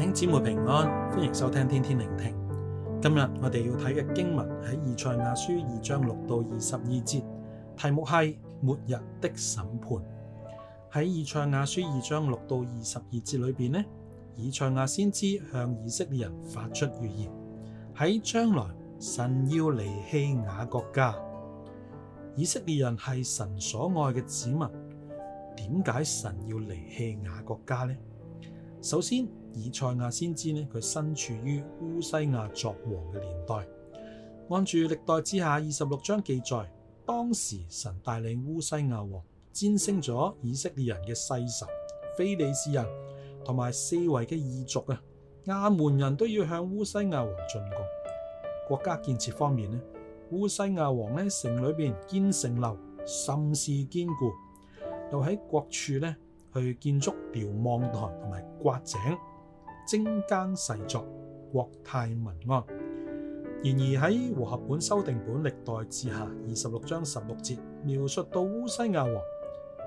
弟兄姊妹平安，歡迎收聽天天靈聽。今日我哋要睇嘅經文喺以賽亞書二章六到二十二節，題目係末日的審判。喺以賽亞書二章六到二十二節裏邊呢，以賽亞先知向以色列人發出預言：喺將來，神要離棄雅各家。以色列人係神所愛嘅子民，點解神要離棄雅各家呢？首先，以賽亞先知咧，佢身處於烏西雅作王嘅年代。按住歷代志下二十六章記載，當時神帶領烏西雅王戰勝咗以色列人嘅世仇、非利士人，同埋四圍嘅異族啊，亞捫人都要向烏西雅王進貢。國家建設方面咧，烏西雅王喺城裏邊建城樓，甚是堅固，又喺各處咧。去建築瞭望台同埋挖井，精耕細作，國泰民安。然而喺和合本修訂本歷代志下二十六章十六節，描述到烏西雅王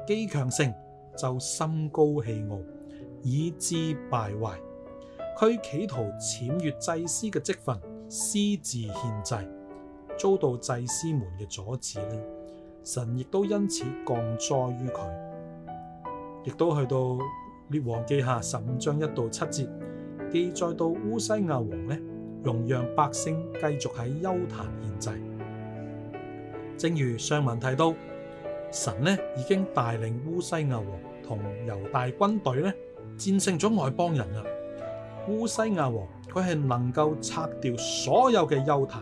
既強盛，就心高氣傲，以致敗壞。佢企圖僭越祭司嘅職份，私自獻祭，遭到祭司們嘅阻止呢。神亦都因此降災於佢。亦都去到列王記下十五章一到七節，記載到烏西雅王呢，容讓百姓繼續喺邱壇獻祭。正如上文提到，神呢已經帶領烏西雅王同猶大軍隊呢，戰勝咗外邦人啦。烏西雅王佢係能夠拆掉所有嘅邱壇，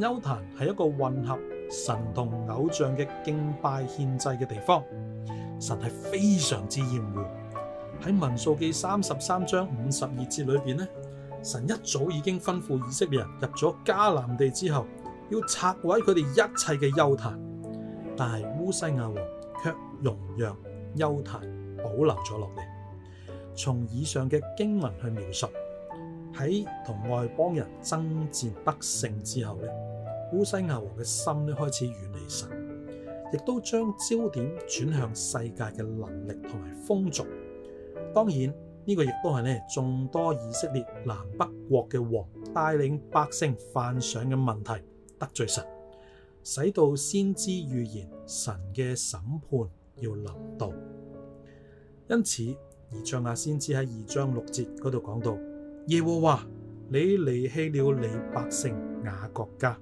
邱壇係一個混合神同偶像嘅敬拜獻祭嘅地方。神係非常之厭惡。喺民數記三十三章五十二節裏邊咧，神一早已經吩咐以色列人入咗迦南地之後，要拆毀佢哋一切嘅丘壇，但係烏西亞王卻容讓丘壇保留咗落嚟。從以上嘅經文去描述，喺同外邦人爭戰得勝之後咧，烏西亞王嘅心咧開始遠離神。亦都將焦點轉向世界嘅能力同埋風俗。當然呢、這個亦都係呢眾多以色列南北國嘅王帶領百姓犯上嘅問題，得罪神，使到先知預言神嘅審判要臨到。因此以賽亞先知喺二章六節嗰度講到：耶和華，你離棄了你百姓雅各家，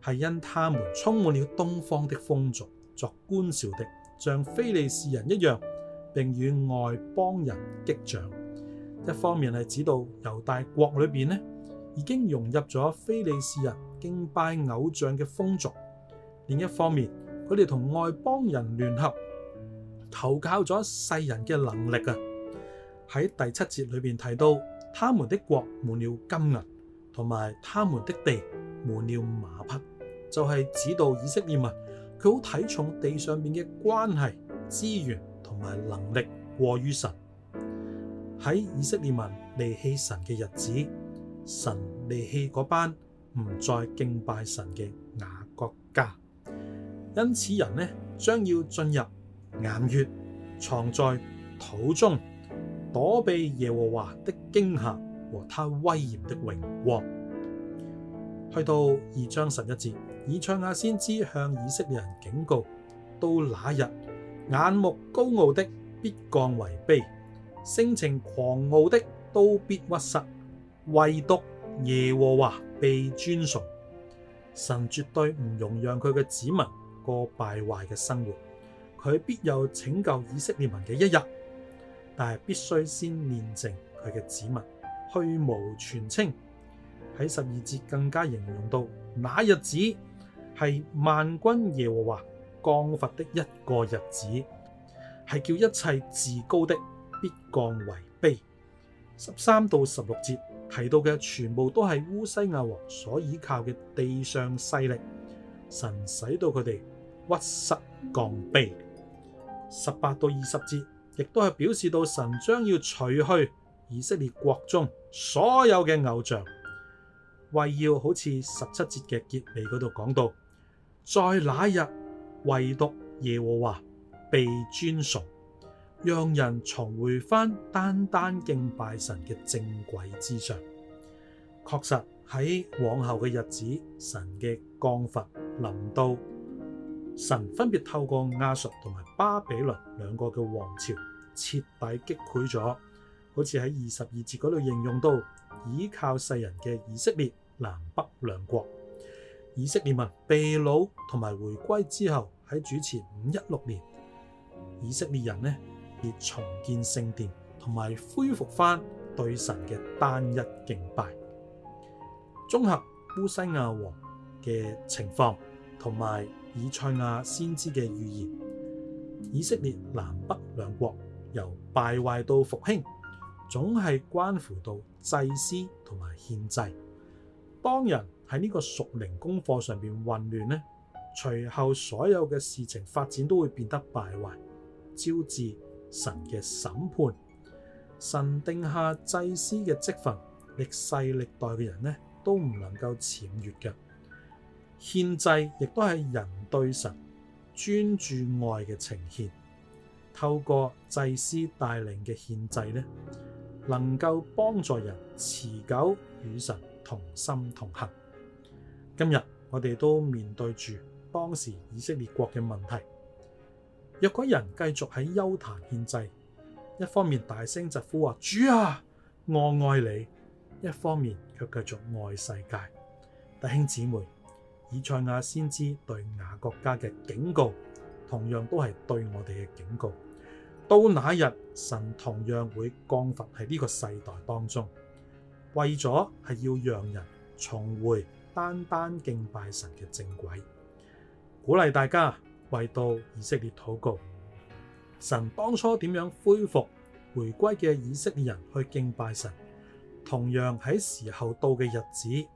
係因他們充滿了東方的風俗。作觀兆的，像非利士人一樣，並與外邦人擊掌。一方面係指到猶大國裏邊咧，已經融入咗非利士人敬拜偶像嘅風俗；另一方面，佢哋同外邦人聯合，投靠咗世人嘅能力啊。喺第七節裏邊提到，他們的國滿了金銀，同埋他們的地滿了馬匹，就係指到以色列民。佢好睇重地上面嘅關係、資源同埋能力過於神。喺以色列民離棄神嘅日子，神離棄嗰班唔再敬拜神嘅雅各家。因此人呢，將要進入巖穴，藏在土中，躲避耶和華的驚嚇和他威嚴的榮光。去到二章十一節。以賽亞先知向以色列人警告：到那日，眼目高傲的必降為卑，性情狂傲的都必屈膝，唯獨耶和華被尊崇。神絕對唔容讓佢嘅子民過敗壞嘅生活，佢必有拯救以色列民嘅一日，但係必須先煉淨佢嘅子民，去蕪存菁。喺十二節更加形容到，那日子。係萬軍耶和華降罰的一個日子，係叫一切自高的必降為卑。十三到十六節提到嘅全部都係烏西亞王所倚靠嘅地上勢力，神使到佢哋屈膝降卑。十八到二十節亦都係表示到神將要除去以色列國中所有嘅偶像，為要好似十七節嘅結尾嗰度講到。在那日，唯獨耶和華被尊崇，讓人重回翻單單敬拜神嘅正軌之上。確實喺往後嘅日子，神嘅降罰臨到，神分別透過亞述同埋巴比倫兩個嘅王朝，徹底擊潰咗。好似喺二十二節嗰度形容到倚靠世人嘅以色列南北兩國。以色列民被擄同埋回歸之後，喺主前五一六年，以色列人呢亦重建聖殿，同埋恢復翻對神嘅單一敬拜。綜合烏西雅王嘅情況同埋以賽亞先知嘅預言，以色列南北兩國由敗壞到復興，總係關乎到祭司同埋獻祭，當人，喺呢個屬靈功課上邊混亂呢，隨後所有嘅事情發展都會變得敗壞，招致神嘅審判。神定下祭司嘅職份，歷世歷代嘅人呢，都唔能夠僭越嘅獻祭，亦都係人對神專注愛嘅呈獻。透過祭司帶領嘅獻祭呢，能夠幫助人持久與神同心同行。今日我哋都面對住當時以色列國嘅問題。若果人繼續喺邱壇獻祭，一方面大聲疾呼話主啊，我愛你，一方面卻繼續愛世界。弟兄姊妹，以賽亞先知對雅各家嘅警告，同樣都係對我哋嘅警告。到那日，神同樣會降罰喺呢個世代當中，為咗係要讓人重回單單敬拜神嘅正軌，鼓勵大家為到以色列禱告。神當初點樣恢復回歸嘅以色列人去敬拜神？同樣喺時候到嘅日子，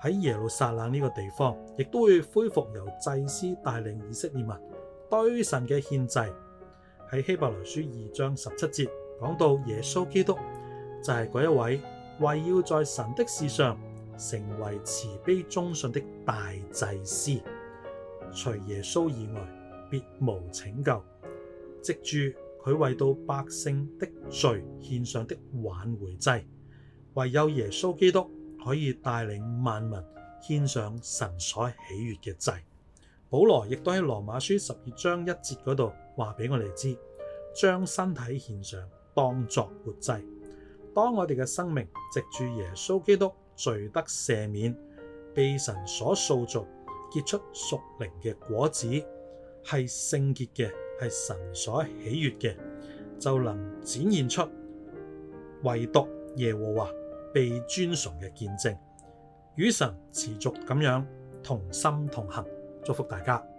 喺耶路撒冷呢個地方，亦都會恢復由祭司帶領以色列民對神嘅獻祭。喺希伯來書二章十七節講到，耶穌基督就係、是、嗰一位，為要在神的事上。成為慈悲忠信的大祭司，除耶穌以外，別無拯救。藉住佢為到百姓的罪獻上的挽回祭，唯有耶穌基督可以帶領萬民獻上神所喜悅嘅祭。保羅亦都喺羅馬書十二章一節嗰度話俾我哋知，將身體獻上當作活祭，當我哋嘅生命藉住耶穌基督。罪得赦免，被神所塑造，結出屬靈嘅果子，係聖潔嘅，係神所喜悅嘅，就能展現出唯獨耶和華被尊崇嘅見證。與神持續咁樣同心同行，祝福大家。